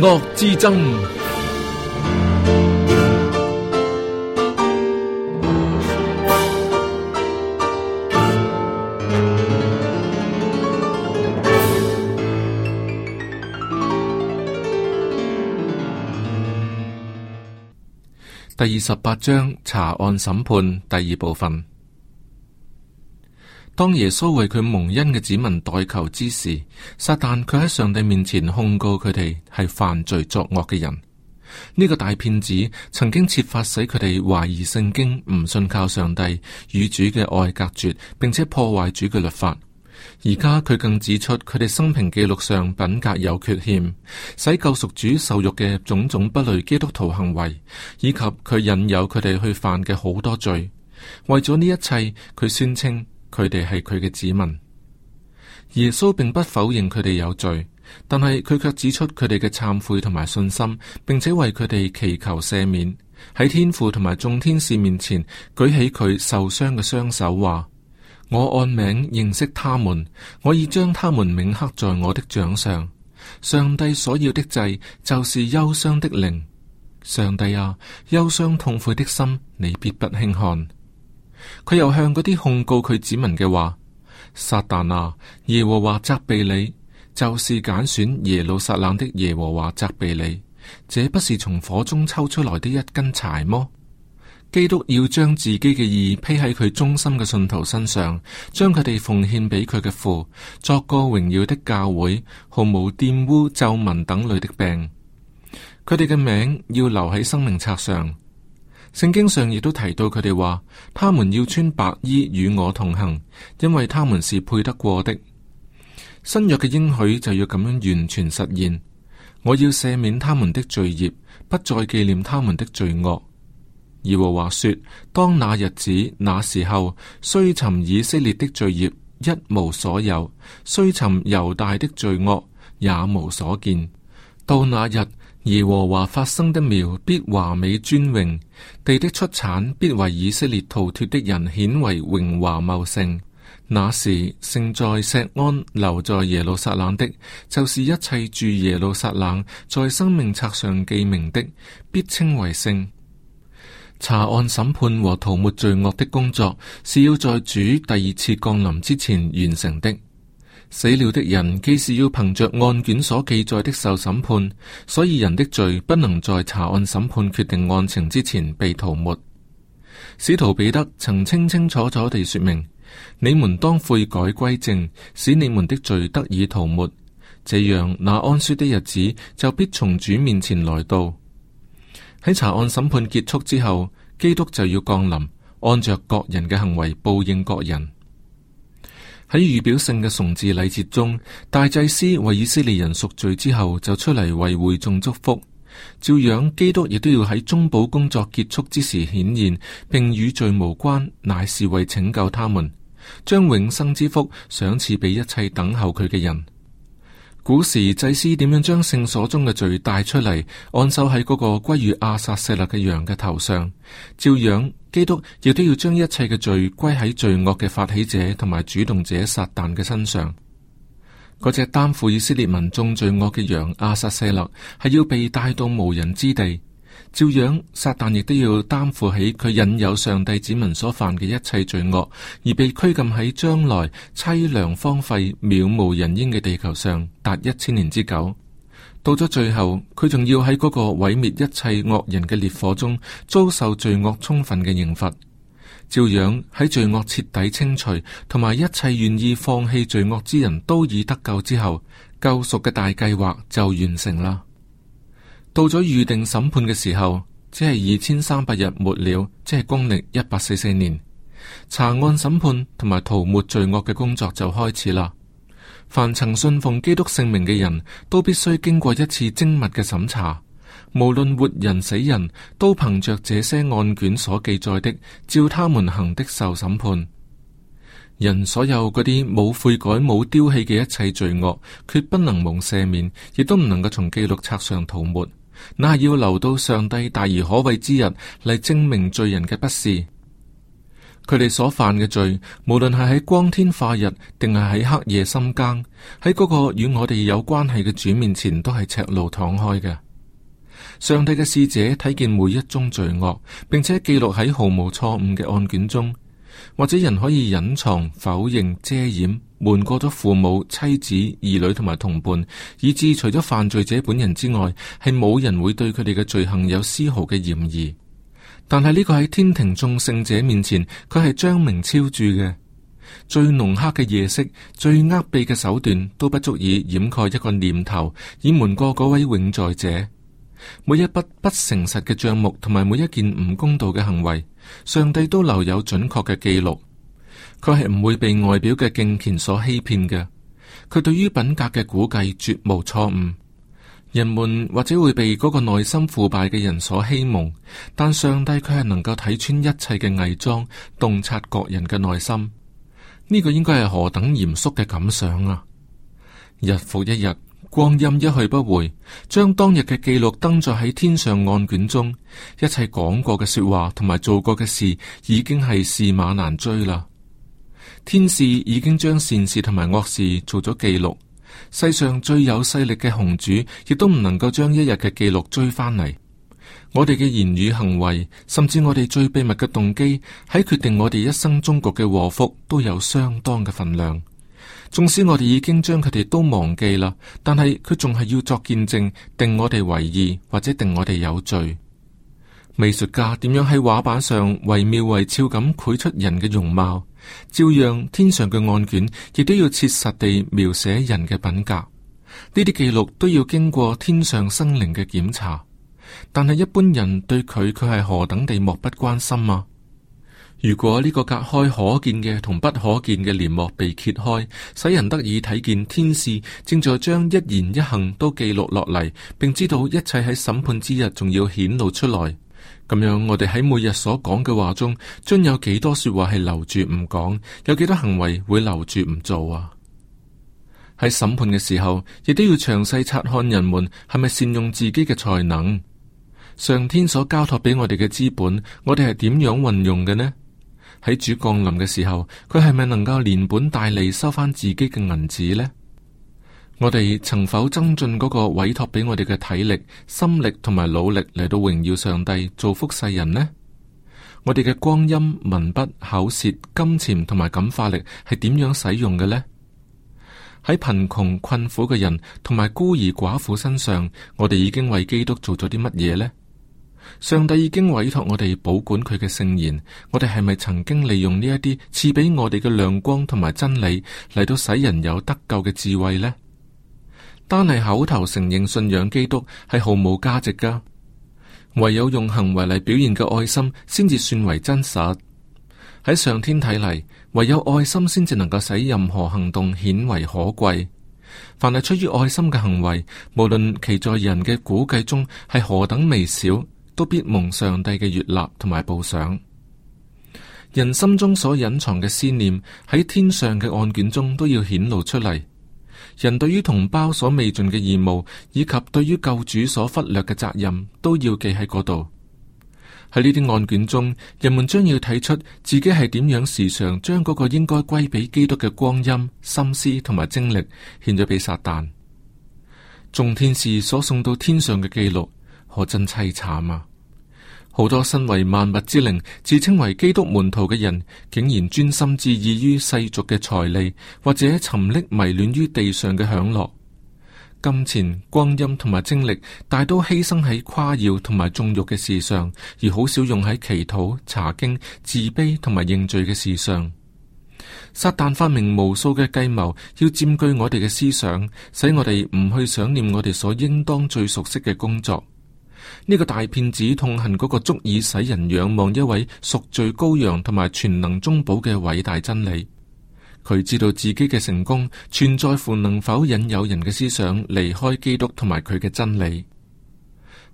惡之爭，第二十八章查案審判第二部分。當耶穌為佢蒙恩嘅子民代求之時，撒旦佢喺上帝面前控告佢哋係犯罪作惡嘅人。呢個大騙子曾經設法使佢哋懷疑聖經，唔信靠上帝與主嘅愛隔絕，並且破壞主嘅律法。而家佢更指出佢哋生平記錄上品格有缺陷，使救贖主受辱嘅種種不類基督徒行為，以及佢引誘佢哋去犯嘅好多罪。為咗呢一切，佢宣稱。佢哋係佢嘅子民，耶穌並不否認佢哋有罪，但係佢卻指出佢哋嘅懺悔同埋信心，並且為佢哋祈求赦免。喺天父同埋眾天使面前，舉起佢受傷嘅雙手，話：我按名認識他們，我已將他們銘刻在我的掌上。上帝所要的祭就是憂傷的靈，上帝啊，憂傷痛悔的心，你必不輕看。佢又向嗰啲控告佢指紋嘅話，撒旦啊！耶和華責備你，就是揀選耶路撒冷的耶和華責備你，這不是從火中抽出來的一根柴麼？基督要將自己嘅義披喺佢忠心嘅信徒身上，將佢哋奉獻俾佢嘅父，作個榮耀的教會，毫無玷污、皺紋等類的病。佢哋嘅名要留喺生命冊上。聖經上亦都提到佢哋話，他們要穿白衣與我同行，因為他們是配得過的。新約嘅應許就要咁樣完全實現。我要赦免他們的罪孽，不再紀念他們的罪惡。耶和華說，當那日子、那時候，雖尋以色列的罪孽一無所有，雖尋猶大的罪惡也無所見。到那日。耶和華發生的苗必華美尊榮，地的出產必為以色列逃脫的人顯為榮華茂盛。那時，聖在錫安、留在耶路撒冷的，就是一切住耶路撒冷、在生命冊上記名的，必稱為聖。查案審判和塗抹罪惡的工作，是要在主第二次降臨之前完成的。死了的人，既是要憑着案卷所記載的受審判，所以人的罪不能在查案審判決定案情之前被塗抹。使徒彼得曾清清楚楚地說明：你們當悔改歸正，使你們的罪得以塗抹，這樣那安舒的日子就必從主面前來到。喺查案審判結束之後，基督就要降臨，按着各人嘅行為報應各人。喺預表性嘅崇祀禮節中，大祭司為以色列人贖罪之後，就出嚟為會眾祝福。照樣，基督亦都要喺中保工作結束之時顯現，並與罪無關，乃是為拯救他們，將永生之福賞賜俾一切等候佢嘅人。古時祭司點樣將聖所中嘅罪帶出嚟，按手喺嗰個歸於阿撒謝勒嘅羊嘅頭上，照樣基督亦都要將一切嘅罪歸喺罪惡嘅發起者同埋主動者撒旦嘅身上。嗰隻擔負以色列民眾罪惡嘅羊阿撒謝勒，係要被帶到無人之地。照樣撒旦亦都要擔負起佢引誘上帝子民所犯嘅一切罪惡，而被拘禁喺將來淒涼荒廢、渺無人煙嘅地球上達一千年之久。到咗最後，佢仲要喺嗰個毀滅一切惡人嘅烈火中遭受罪惡充分嘅刑罰。照樣喺罪惡徹底清除，同埋一切願意放棄罪惡之人都已得救之後，救贖嘅大計劃就完成啦。到咗預定審判嘅時候，只係二千三百日末了，即係公曆一八四四年。查案審判同埋塗抹罪惡嘅工作就開始啦。凡曾信奉基督聖名嘅人都必須經過一次精密嘅審查，無論活人死人都憑着這些案卷所記載的，照他們行的受審判。人所有嗰啲冇悔改冇丟棄嘅一切罪惡，決不能蒙赦免，亦都唔能夠從記錄冊上塗抹。那係要留到上帝大而可畏之日嚟證明罪人嘅不是，佢哋所犯嘅罪，無論係喺光天化日，定係喺黑夜深更，喺嗰個與我哋有關係嘅主面前，都係赤露敞開嘅。上帝嘅使者睇見每一宗罪惡，並且記錄喺毫無錯誤嘅案卷中，或者人可以隱藏、否認、遮掩。瞞過咗父母、妻子、兒女同埋同伴，以至除咗犯罪者本人之外，係冇人會對佢哋嘅罪行有絲毫嘅嫌疑。但係呢個喺天庭眾聖者面前，佢係彰明昭著嘅。最濃黑嘅夜色、最隱蔽嘅手段，都不足以掩蓋一個念頭，以瞞過嗰位永在者。每一筆不誠實嘅賬目同埋每一件唔公道嘅行為，上帝都留有準確嘅記錄。佢係唔會被外表嘅敬虔所欺騙嘅，佢對於品格嘅估計絕無錯誤。人們或者會被嗰個內心腐敗嘅人所欺蒙，但上帝佢係能夠睇穿一切嘅偽裝，洞察各人嘅內心。呢個應該係何等嚴肅嘅感想啊！日復一日，光陰一去不回，將當日嘅記錄登載喺天上案卷中，一切講過嘅說話同埋做過嘅事，已經係駟馬難追啦。天使已經將善事同埋惡事做咗記錄，世上最有勢力嘅雄主亦都唔能夠將一日嘅記錄追翻嚟。我哋嘅言語行為，甚至我哋最秘密嘅動機，喺決定我哋一生中國嘅禍福都有相當嘅份量。縱使我哋已經將佢哋都忘記啦，但係佢仲係要作見證，定我哋為義或者定我哋有罪。美術家點樣喺畫板上惟妙惟肖咁繪出人嘅容貌？照樣天上嘅案卷亦都要切實地描寫人嘅品格，呢啲記錄都要經過天上生靈嘅檢查。但係一般人對佢佢係何等地漠不關心啊！如果呢個隔開可見嘅同不可見嘅簾幕被揭開，使人得以睇見天使正在將一言一行都記錄落嚟，並知道一切喺審判之日仲要顯露出來。咁樣，我哋喺每日所講嘅話中，將有幾多說話係留住唔講？有幾多行為會留住唔做啊？喺審判嘅時候，亦都要詳細察看人們係咪善用自己嘅才能。上天所交託俾我哋嘅資本，我哋係點樣運用嘅呢？喺主降臨嘅時候，佢係咪能夠連本帶利收翻自己嘅銀紙呢？我哋曾否增進嗰個委託俾我哋嘅體力、心力同埋努力嚟到榮耀上帝，造福世人呢？我哋嘅光陰、文筆、口舌、金錢同埋感化力係點樣使用嘅呢？喺貧窮困苦嘅人同埋孤兒寡婦身上，我哋已經為基督做咗啲乜嘢呢？上帝已經委託我哋保管佢嘅聖言，我哋係咪曾經利用呢一啲賜俾我哋嘅亮光同埋真理嚟到使人有得救嘅智慧呢？單係口頭承認信仰基督係毫無價值噶，唯有用行為嚟表現嘅愛心，先至算為真實。喺上天睇嚟，唯有愛心先至能夠使任何行動顯為可貴。凡係出於愛心嘅行為，無論其在人嘅估計中係何等微小，都必蒙上帝嘅悦納同埋報賞。人心中所隱藏嘅思念，喺天上嘅案卷中都要顯露出嚟。人對於同胞所未盡嘅義務，以及對於救主所忽略嘅責任，都要記喺嗰度。喺呢啲案卷中，人們將要睇出自己係點樣時常將嗰個應該歸俾基督嘅光陰、心思同埋精力獻咗俾撒旦。眾天使所送到天上嘅記錄，可真淒慘啊！好多身為萬物之靈、自稱為基督門徒嘅人，竟然專心致意於世俗嘅財利，或者沉溺迷戀於地上嘅享樂、金錢、光陰同埋精力，大都犧牲喺誇耀同埋縱慾嘅事上，而好少用喺祈禱、查經、自卑同埋認罪嘅事上。撒旦發明無數嘅計謀，要佔據我哋嘅思想，使我哋唔去想念我哋所應當最熟悉嘅工作。呢個大騙子痛恨嗰個足以使人仰望一位贖罪羔羊同埋全能中保嘅偉大真理。佢知道自己嘅成功存在乎能否引誘人嘅思想離開基督同埋佢嘅真理。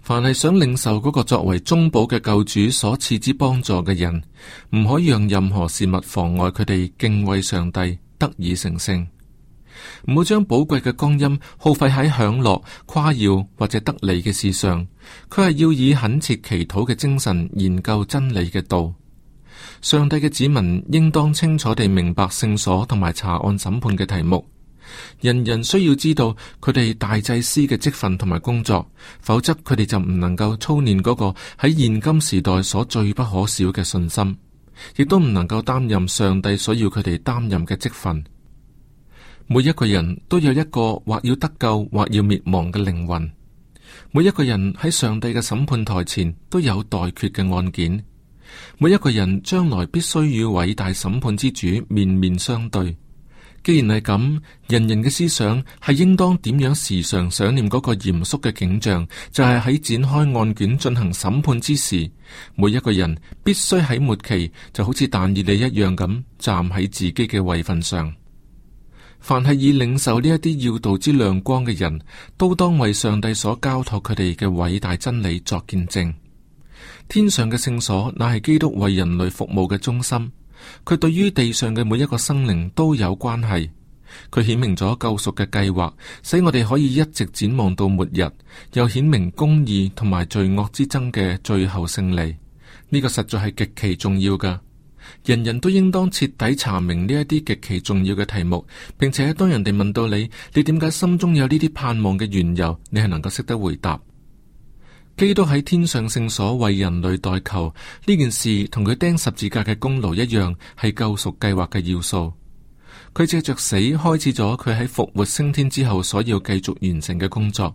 凡係想領受嗰個作為中保嘅救主所賜之幫助嘅人，唔可以讓任何事物妨礙佢哋敬畏上帝，得以成聖。唔好將寶貴嘅光陰耗費喺享樂、誇耀或者得利嘅事上。佢係要以懇切祈禱嘅精神研究真理嘅道。上帝嘅子民應當清楚地明白聖所同埋查案審判嘅題目。人人需要知道佢哋大祭司嘅職份同埋工作，否則佢哋就唔能夠操練嗰個喺現今時代所最不可少嘅信心，亦都唔能夠擔任上帝所要佢哋擔任嘅職份。每一個人都有一個或要得救或要滅亡嘅靈魂，每一個人喺上帝嘅審判台前都有待決嘅案件，每一個人將來必須與偉大審判之主面面相對。既然係咁，人人嘅思想係應當點樣時常想念嗰個嚴肅嘅景象，就係喺展開案卷進行審判之時，每一個人必須喺末期就好似但以理一樣咁站喺自己嘅位份上。凡係以領受呢一啲要道之亮光嘅人，都當為上帝所交託佢哋嘅偉大真理作見證。天上嘅聖所，乃係基督為人類服務嘅中心，佢對於地上嘅每一個生靈都有關係。佢顯明咗救贖嘅計劃，使我哋可以一直展望到末日，又顯明公義同埋罪惡之爭嘅最後勝利。呢、這個實在係極其重要㗎。人人都應當徹底查明呢一啲極其重要嘅題目，並且當人哋問到你，你點解心中有呢啲盼望嘅緣由，你係能夠識得回答。基督喺天上聖所為人類代求呢件事，同佢釘十字架嘅功勞一樣，係救贖計劃嘅要素。佢借着死開始咗佢喺復活升天之後所要繼續完成嘅工作，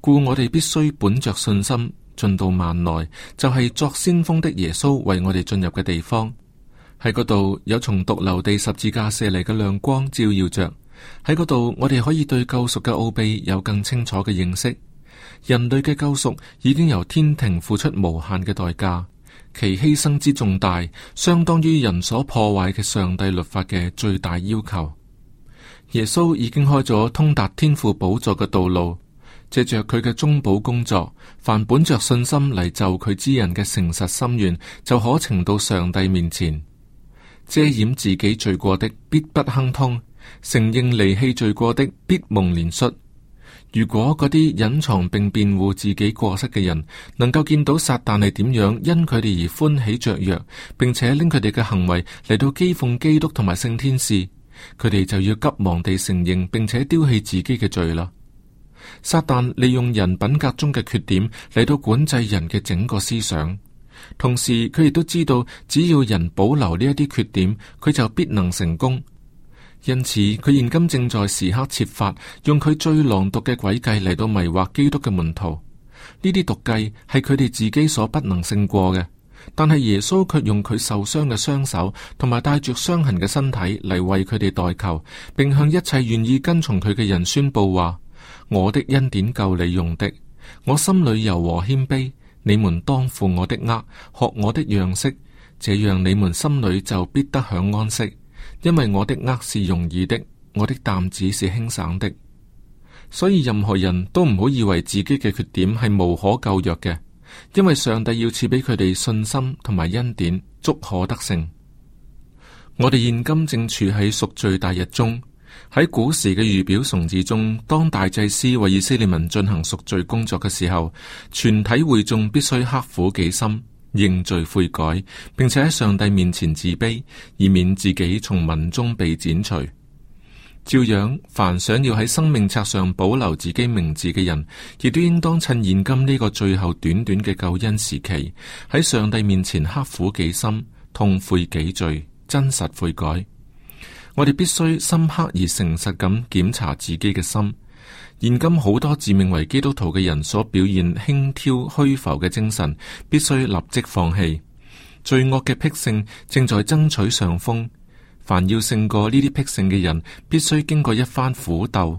故我哋必須本着信心進到萬內，就係、是、作先鋒的耶穌為我哋進入嘅地方。喺嗰度有從髑髏地十字架射嚟嘅亮光，照耀着，喺嗰度，我哋可以對救贖嘅奧秘有更清楚嘅認識。人類嘅救贖已經由天庭付出無限嘅代價，其犧牲之重大，相當於人所破壞嘅上帝律法嘅最大要求。耶穌已經開咗通達天父寶座嘅道路，借着佢嘅中保工作，凡本着信心嚟就佢之人嘅誠實心願，就可呈到上帝面前。遮掩自己罪過的必不亨通，承認離棄罪過的必蒙憐恤。如果嗰啲隱藏並辯護自己過失嘅人能夠見到撒旦係點樣因佢哋而歡喜雀躍，並且拎佢哋嘅行為嚟到譏諷基督同埋聖天使，佢哋就要急忙地承認並且丟棄自己嘅罪啦。撒旦利用人品格中嘅缺點嚟到管制人嘅整個思想。同時，佢亦都知道，只要人保留呢一啲缺點，佢就必能成功。因此，佢現今正在時刻設法，用佢最狼毒嘅詭計嚟到迷惑基督嘅門徒。呢啲毒計係佢哋自己所不能勝過嘅，但係耶穌卻用佢受傷嘅雙手，同埋帶住傷痕嘅身體嚟為佢哋代求，並向一切願意跟從佢嘅人宣布話：我的恩典夠你用的，我心裏柔和謙卑。你們當負我的軛，學我的樣式，這樣你們心裏就必得享安息。因為我的軛是容易的，我的擔子是輕省的。所以任何人都唔好以為自己嘅缺點係無可救藥嘅，因為上帝要賜俾佢哋信心同埋恩典，足可得勝。我哋現今正處喺贖罪大日中。喺古時嘅預表崇祀中，當大祭司為以色列民進行贖罪工作嘅時候，全體會眾必須刻苦己心，認罪悔改，並且喺上帝面前自卑，以免自己從民中被剪除。照樣，凡想要喺生命冊上保留自己名字嘅人，亦都應當趁現今呢個最後短短嘅救恩時期，喺上帝面前刻苦己心，痛悔己罪，真實悔改。我哋必須深刻而誠實咁檢查自己嘅心。現今好多自命為基督徒嘅人所表現輕佻虛浮嘅精神，必須立即放棄。罪惡嘅癖性正在爭取上風。凡要勝過呢啲癖性嘅人，必須經過一番苦鬥。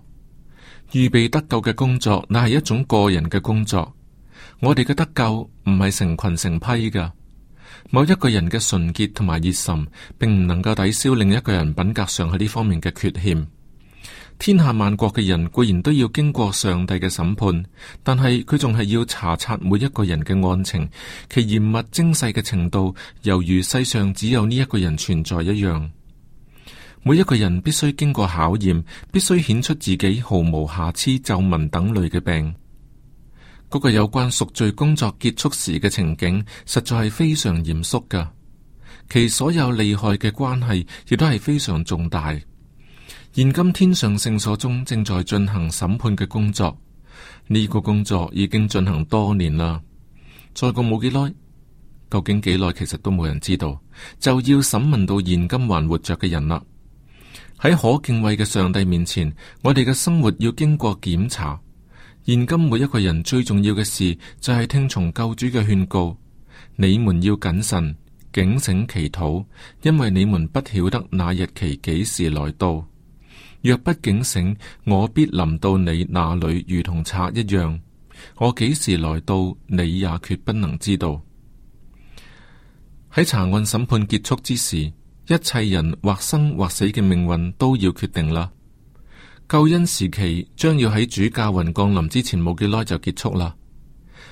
預備得救嘅工作，乃係一種個人嘅工作。我哋嘅得救唔係成群成批㗎。某一個人嘅純潔同埋熱心，並唔能夠抵消另一個人品格上喺呢方面嘅缺陷。天下萬國嘅人，固然都要經過上帝嘅審判，但係佢仲係要查察每一個人嘅案情，其嚴密精細嘅程度，猶如世上只有呢一個人存在一樣。每一個人必須經過考驗，必須顯出自己毫無瑕疵、皺紋等類嘅病。嗰個有關贖罪工作結束時嘅情景，實在係非常嚴肅噶。其所有利害嘅關係，亦都係非常重大。現今天上聖所中正在進行審判嘅工作，呢個工作已經進行多年啦。再過冇幾耐，究竟幾耐，其實都冇人知道，就要審問到現今還活着嘅人啦。喺可敬畏嘅上帝面前，我哋嘅生活要經過檢查。現今每一個人最重要嘅事，就係聽從救主嘅勸告。你們要謹慎、警醒、祈禱，因為你們不曉得那日期幾時來到。若不警醒，我必臨到你那裏，如同賊一樣。我幾時來到，你也決不能知道。喺查案審判結束之時，一切人或生或死嘅命運都要決定啦。救恩時期將要喺主駕雲降臨之前冇幾耐就結束啦。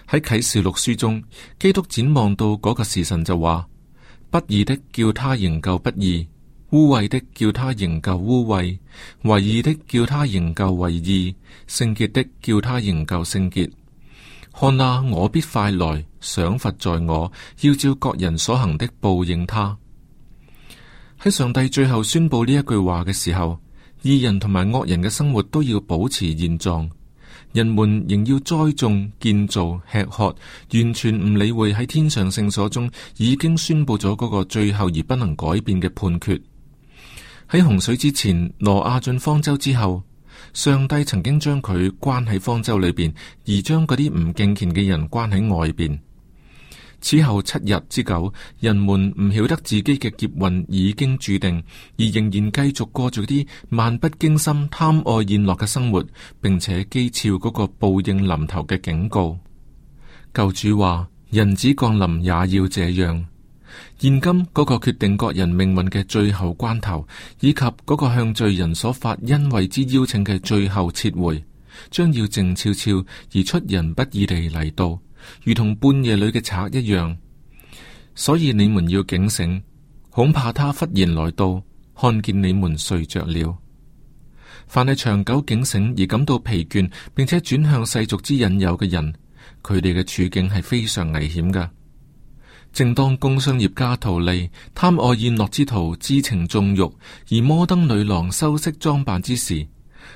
喺啟示錄書中，基督展望到嗰個時辰就話：不義的叫他仍舊不義，污穢的叫他仍舊污穢，為義的叫他仍舊為義，聖潔的叫他仍舊聖潔。看哪，我必快來，賞罰在我，要照各人所行的報應他。喺上帝最後宣布呢一句話嘅時候。義人同埋惡人嘅生活都要保持現狀，人們仍要栽種、建造、吃喝，完全唔理會喺天上聖所中已經宣布咗嗰個最後而不能改變嘅判決。喺洪水之前，挪亞進方舟之後，上帝曾經將佢關喺方舟裏邊，而將嗰啲唔敬虔嘅人關喺外邊。此後七日之久，人們唔曉得自己嘅劫運已經注定，而仍然繼續過住啲漫不經心、貪愛現樂嘅生活，並且譏誚嗰個報應臨頭嘅警告。舊主話：人子降臨也要這樣。現今嗰個決定各人命運嘅最後關頭，以及嗰個向罪人所發恩惠之邀請嘅最後撤回，將要靜悄悄而出人不意地嚟到。如同半夜裏嘅賊一樣，所以你們要警醒，恐怕他忽然來到，看見你們睡着了。凡係長久警醒而感到疲倦，並且轉向世俗之引誘嘅人，佢哋嘅處境係非常危險嘅。正當工商業家圖利、貪愛宴樂之徒知情縱欲，而摩登女郎修飾裝扮之時，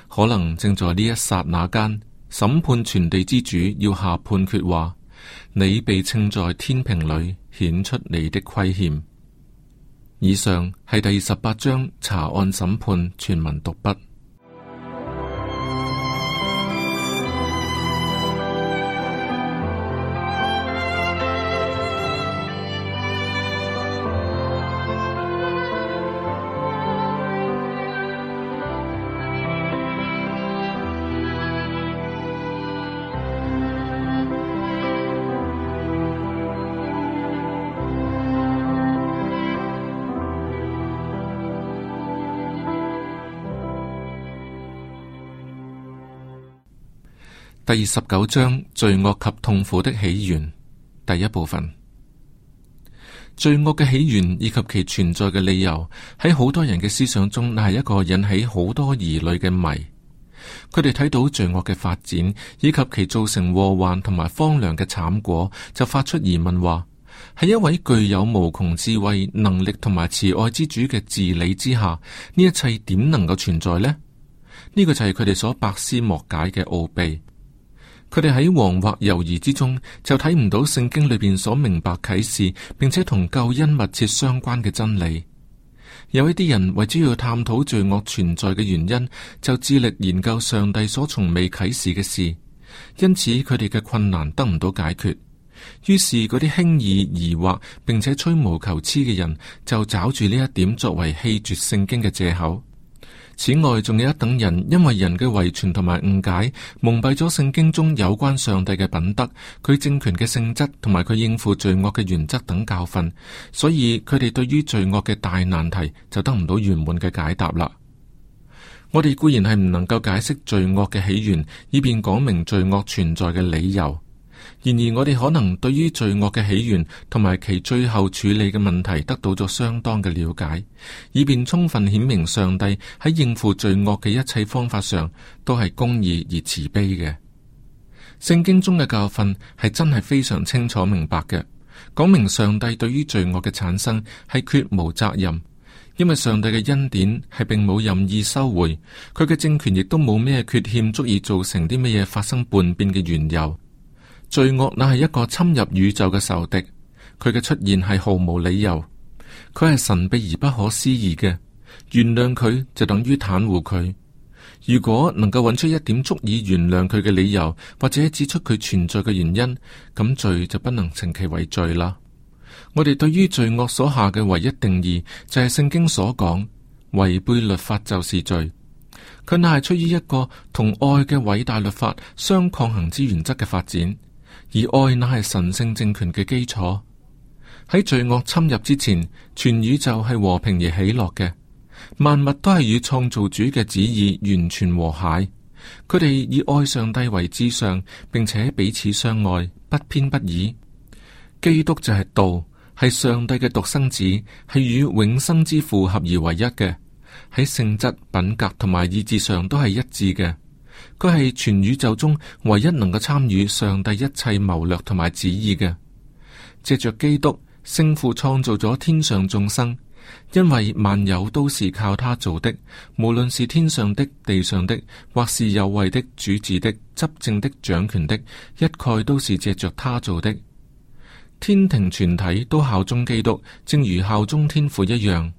可能正在呢一剎那間，審判全地之主要下判決話。你被稱在天平裏，顯出你的虧欠。以上係第十八章查案審判全文讀畢。第二十九章，罪惡及痛苦的起源。第一部分，罪惡嘅起源以及其存在嘅理由，喺好多人嘅思想中，係一個引起好多疑慮嘅謎。佢哋睇到罪惡嘅發展，以及其造成禍患同埋荒涼嘅慘果，就發出疑問話：話喺一位具有無窮智慧、能力同埋慈愛之主嘅治理之下，呢一切點能夠存在呢？呢、呢個就係佢哋所百思莫解嘅奧秘。佢哋喺惶惑猶疑之中，就睇唔到聖經裏邊所明白啟示，並且同救恩密切相關嘅真理。有一啲人為咗要探討罪惡存在嘅原因，就致力研究上帝所從未啟示嘅事，因此佢哋嘅困難得唔到解決。於是嗰啲輕易疑惑並且吹毛求疵嘅人，就找住呢一點作為棄絕聖經嘅借口。此外，仲有一等人，因為人嘅遺傳同埋誤解，蒙蔽咗聖經中有關上帝嘅品德、佢政權嘅性質同埋佢應付罪惡嘅原則等教訓，所以佢哋對於罪惡嘅大難題就得唔到圓滿嘅解答啦。我哋固然係唔能夠解釋罪惡嘅起源，以便講明罪惡存在嘅理由。然而，我哋可能對於罪惡嘅起源同埋其最後處理嘅問題，得到咗相當嘅了解，以便充分顯明上帝喺應付罪惡嘅一切方法上，都係公義而慈悲嘅。聖經中嘅教訓係真係非常清楚明白嘅，講明上帝對於罪惡嘅產生係絕無責任，因為上帝嘅恩典係並冇任意收回，佢嘅政權亦都冇咩缺陷足以造成啲乜嘢發生叛變嘅緣由。罪惡那係一個侵入宇宙嘅仇敵，佢嘅出現係毫無理由，佢係神秘而不可思議嘅。原諒佢就等於袒護佢。如果能夠揾出一點足以原諒佢嘅理由，或者指出佢存在嘅原因，咁罪就不能稱其為罪啦。我哋對於罪惡所下嘅唯一定義就係聖經所講，違背律法就是罪。佢那係出於一個同愛嘅偉大律法相抗衡之原則嘅發展。而愛乃係神聖政權嘅基礎。喺罪惡侵入之前，全宇宙係和平而喜樂嘅，萬物都係與創造主嘅旨意完全和諧。佢哋以愛上帝為至上，並且彼此相愛，不偏不倚。基督就係道，係上帝嘅獨生子，係與永生之父合而為一嘅，喺性質、品格同埋意志上都係一致嘅。佢係全宇宙中唯一能夠參與上帝一切謀略同埋旨意嘅，借着基督，聖父創造咗天上眾生，因為萬有都是靠他做的，無論是天上的、地上的，或是有位的、主治的、執政的、掌權的，一概都是借着他做的。天庭全體都效忠基督，正如效忠天父一樣。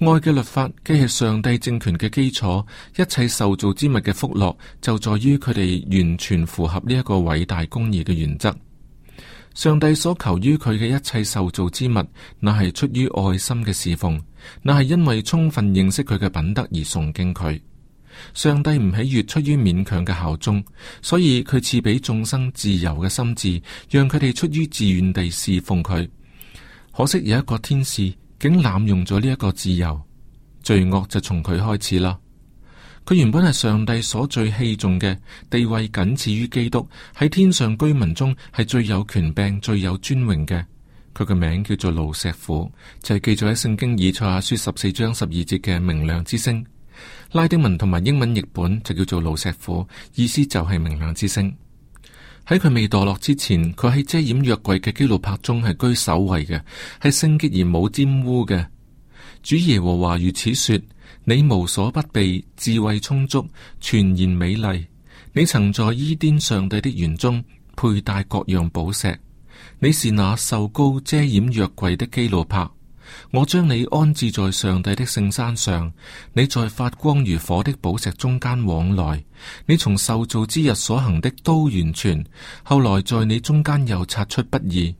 愛嘅律法既係上帝政權嘅基礎，一切受造之物嘅福樂就在於佢哋完全符合呢一個偉大公義嘅原則。上帝所求於佢嘅一切受造之物，乃係出於愛心嘅侍奉，乃係因為充分認識佢嘅品德而崇敬佢。上帝唔喜悅出於勉強嘅效忠，所以佢賜俾眾生自由嘅心智，讓佢哋出於自願地侍奉佢。可惜有一個天使。竟濫用咗呢一個自由，罪惡就從佢開始啦。佢原本係上帝所最器重嘅，地位僅次於基督，喺天上居民中係最有權柄、最有尊榮嘅。佢個名叫做盧石虎，就係記載喺《聖經以賽亞書十四章十二節》嘅明亮之星。拉丁文同埋英文譯本就叫做盧石虎，意思就係明亮之星。喺佢未墮落之前，佢喺遮掩約櫃嘅基路柏中係居首位嘅，係聖潔而冇沾污嘅。主耶和華如此說：你無所不備，智慧充足，全然美麗。你曾在伊甸上帝的園中佩戴各樣寶石，你是那受高遮掩約櫃的基路柏。我將你安置在上帝的聖山上，你在發光如火的寶石中間往來。你從受造之日所行的都完全，後來在你中間又察出不義。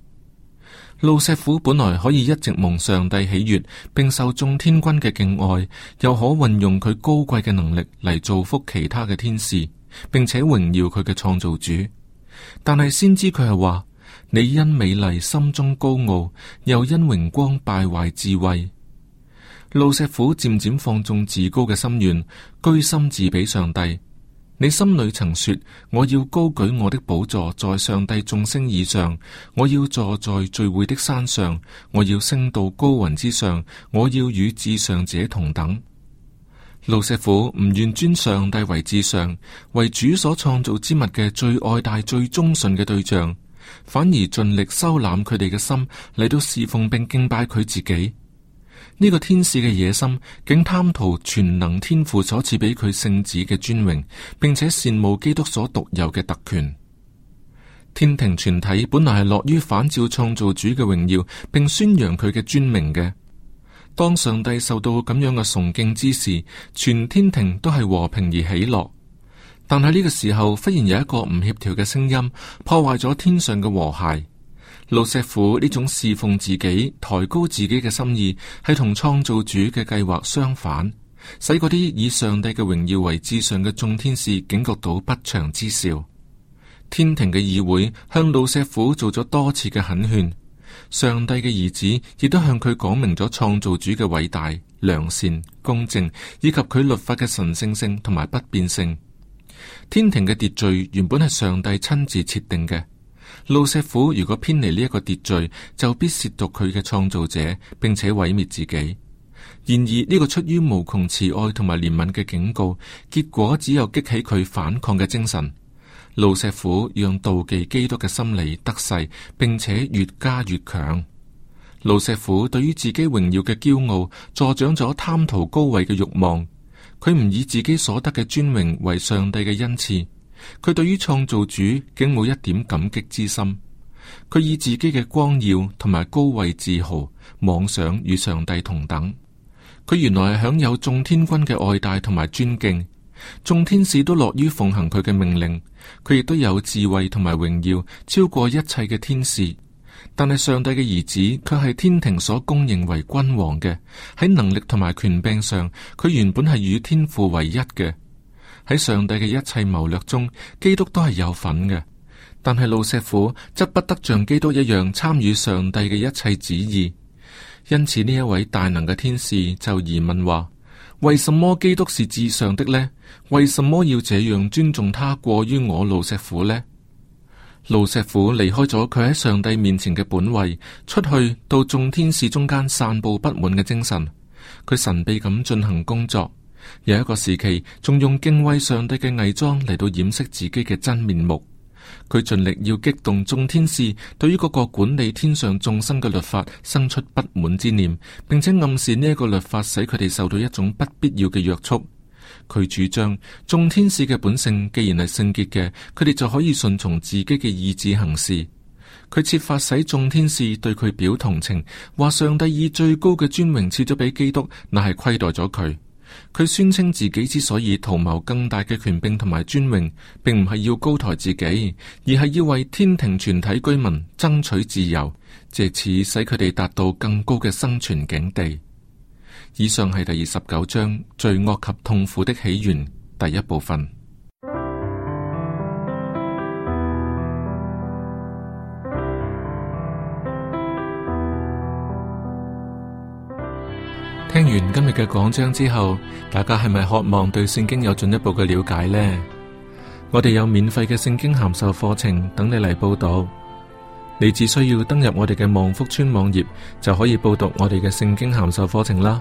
路石虎本來可以一直蒙上帝喜悅，並受眾天君嘅敬愛，又可運用佢高貴嘅能力嚟造福其他嘅天使，並且榮耀佢嘅創造主，但係先知佢係話。你因美麗心中高傲，又因榮光敗壞智慧。路石虎漸漸放縱自高嘅心願，居心自比上帝。你心裏曾說：我要高舉我的寶座在上帝眾星以上，我要坐在聚會的山上，我要升到高雲之上，我要與至上者同等。路石虎唔願尊上帝為至上，為主所創造之物嘅最愛戴、最忠順嘅對象。反而盡力收攬佢哋嘅心嚟到侍奉並敬拜佢自己，呢個天使嘅野心，竟貪圖全能天父所賜俾佢聖子嘅尊榮，並且羨慕基督所獨有嘅特權。天庭全體本來係樂於反照創造主嘅榮耀，並宣揚佢嘅尊名嘅。當上帝受到咁樣嘅崇敬之時，全天庭都係和平而喜樂。但係呢個時候，忽然有一個唔協調嘅聲音破壞咗天上嘅和諧。路石虎呢種侍奉自己、抬高自己嘅心意，係同創造主嘅計劃相反，使嗰啲以上帝嘅榮耀為至上嘅眾天使警覺到不祥之兆。天庭嘅議會向路石虎做咗多次嘅懇勸，上帝嘅兒子亦都向佢講明咗創造主嘅偉大、良善、公正，以及佢律法嘅神聖性同埋不變性。天庭嘅秩序原本係上帝親自設定嘅，路石虎如果偏離呢一個秩序，就必褻瀆佢嘅創造者，並且毀滅自己。然而呢個出於無窮慈愛同埋憐憫嘅警告，結果只有激起佢反抗嘅精神。路石虎讓妒忌基督嘅心理得勢，並且越加越強。路石虎對於自己榮耀嘅驕傲，助長咗貪圖高位嘅慾望。佢唔以自己所得嘅尊榮為上帝嘅恩賜，佢對於創造主竟冇一點感激之心。佢以自己嘅光耀同埋高位自豪，妄想與上帝同等。佢原來係享有眾天君嘅愛戴同埋尊敬，眾天使都樂於奉行佢嘅命令。佢亦都有智慧同埋榮耀，超過一切嘅天使。但係上帝嘅兒子卻係天庭所公認為君王嘅，喺能力同埋權柄上，佢原本係與天父為一嘅。喺上帝嘅一切謀略中，基督都係有份嘅。但係路石虎則不得像基督一樣參與上帝嘅一切旨意。因此呢一位大能嘅天使就疑問話：為什麼基督是至上的呢？為什麼要這樣尊重他過於我路石虎呢？路錫甫離開咗佢喺上帝面前嘅本位，出去到眾天使中間散布不滿嘅精神。佢神秘咁進行工作，有一個時期仲用敬畏上帝嘅偽裝嚟到掩飾自己嘅真面目。佢盡力要激動眾天使對於嗰個管理天上眾生嘅律法生出不滿之念，並且暗示呢一個律法使佢哋受到一種不必要嘅約束。佢主張眾天使嘅本性既然係聖潔嘅，佢哋就可以順從自己嘅意志行事。佢設法使眾天使對佢表同情，話上帝以最高嘅尊榮賜咗俾基督，乃係虧待咗佢。佢宣稱自己之所以圖謀更大嘅權柄同埋尊榮，並唔係要高抬自己，而係要為天庭全體居民爭取自由，借此使佢哋達到更高嘅生存境地。以上係第二十九章罪惡及痛苦的起源第一部分。聽完今日嘅講章之後，大家係咪渴望對聖經有進一步嘅了解呢？我哋有免費嘅聖經函授課程等你嚟報讀。你只需要登入我哋嘅望福村網頁，就可以報讀我哋嘅聖經函授課程啦。